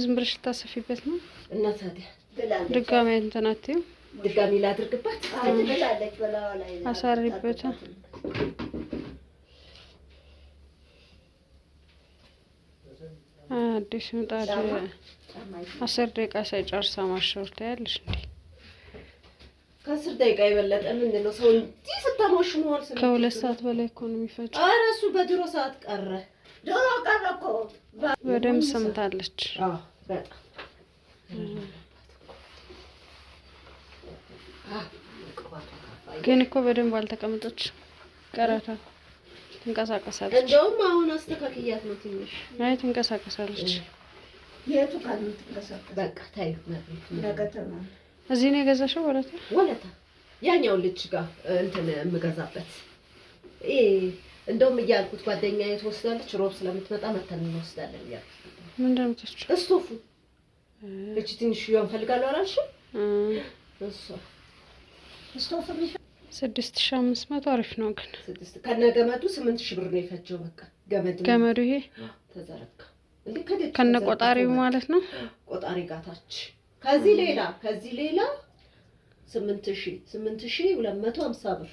ዝም ብለሽ ልታሰፊበት ነው እና ታዲያ ድጋሚ እንትናት ድጋሚ ላድርግባት አሳሪበት አዲስ ምጣድ አስር ደቂቃ ሳይጨርሳ ማሸር ታያለሽ እንዴ? ከአስር ደቂቃ የበለጠ ምንድን ነው ሰው እንዲህ ስታሞሽ መሆን ከሁለት ሰዓት በላይ እኮ ነው የሚፈጀው። ኧረ እሱ በድሮ ሰዓት ቀረ። ዶሮ ሰምታለች። ግን እኮ በደንብ አልተቀመጠች ቀረታ ትንቀሳቀሳለች። እንደውም አሁን አስተካክያት ነው ትንሽ። አይ ትንቀሳቀሳለች። የቱ ካል ትንቀሳቀስ በቃ ታይ ታዩ እዚህ ነው የገዛሽው? ወለታ ወለታ ያኛው ልጅ ጋር እንትን የምገዛበት እንደውም እያልኩት ጓደኛዬ ትወስዳለች፣ ሮብ ስለምትመጣ መተን እንወስዳለን እያልኩት ምንድን ነው እስቶፉ እቺ ትንሽዬዋን እፈልጋለሁ አላልሽም? እሷ እስቶፉ ስድስት ሺ አምስት መቶ አሪፍ ነው ግን ከነ ገመዱ ስምንት ሺ ብር ነው የፈጀው። በቃ ገመዱ ገመዱ ይሄ ተዘረጋ ከነ ቆጣሪው ማለት ነው። ቆጣሪ ጋታች ከዚህ ሌላ ከዚህ ሌላ ስምንት ሺ ስምንት ሺ ሁለት መቶ ሀምሳ ብር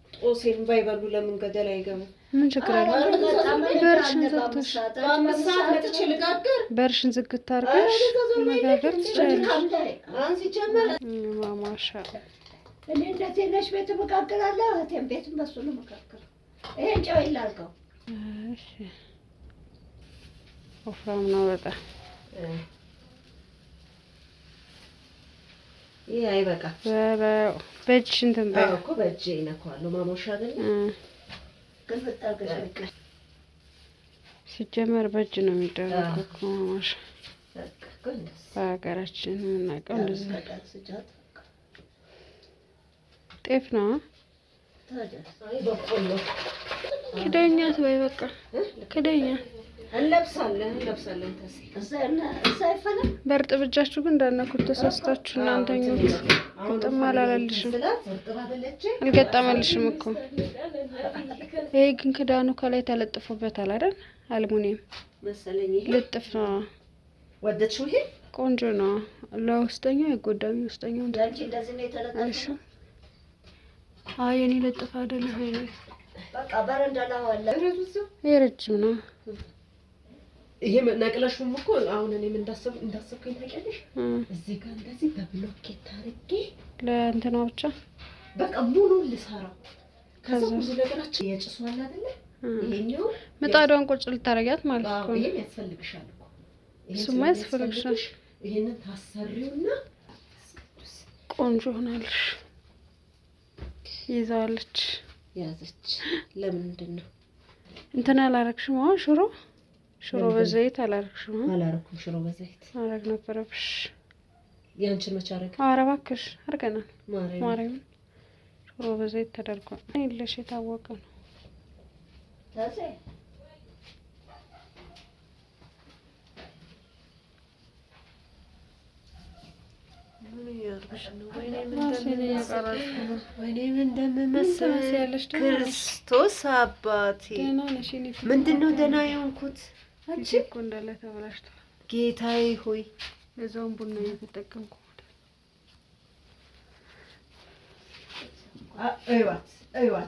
ኦሴን ባይበሉ ለምን ገደል አይገቡ? ምን ችግር አለ? በርሽን በርሽን ዝግት አድርገሽ መጋገር ትችላለሽ። ማማሻ እኔ እንደዚህ ነሽ ቤት መጋገራለሁ። እህቴም በሱ ነው መጋገር። ይሄን ጨው ወፍራም ነው በጣም ሲጀመር በእጅ ነው የሚደረገው ማሞሻ። በሀገራችን የምናውቀው እንደዚህ ጤፍ ነው። ክደኛት በቃ በእርጥብ እጃችሁ ግን እንዳነኩት ተሳስታችሁ እና አንተኞቹ ግጥም አላላልሽም፣ አልገጠመልሽም እኮ ይሄ ግን ክዳኑ ከላይ ተለጥፎበታል አይደል? አልሙኒየም ልጥፍ ነው። ወደችው ይሄ ቆንጆ ነው። ለውስጠኛው አይጎዳም። ውስጠኛው አይ እኔ ልጥፍ አይደለም። ይሄ ረጅም ነው። ይሄ ነቅለሽም እኮ አሁን እኔም እንዳሰብ እንዳሰብከኝ ታውቂያለሽ። እዚህ ጋር እንደዚህ በብሎኬት አድርጌ ለእንትና ብቻ በቃ ሙሉ ልሰራው። ከዛ ብዙ ነገራችን የጭሱ አለ አይደለ? ይሄኛው ምጣዷን ቁጭ ልታረጊያት ማለት እኮ ይሄን ያስፈልግሻል እኮ እሱማ ያስፈልግሻል። ይሄንን ታሰሪውና ቆንጆ ሆናለሽ። ይዛዋለች ያዘች። ለምንድን ነው እንትና አላረግሽም? አሁን ሽሮ ሽሮ በዘይት አላረግሽም? አላረኩም። ሽሮ በዘይት ማረግ ነበረብሽ። ያንቺን መቼ አረግ? ኧረ እባክሽ አርገናል። ማርያም ሽሮ በዘይት ተደርጓል። የለሽ የታወቀ ነው። ወይኔም እንደምመስል ክርስቶስ አባቴ ምንድን ነው ደህና የሆንኩት? እኮ እንዳለ ተበላሽቷል። ጌታዬ ሆይ እዛውን ቡና እየተጠቀምኩ አይዋ አይዋ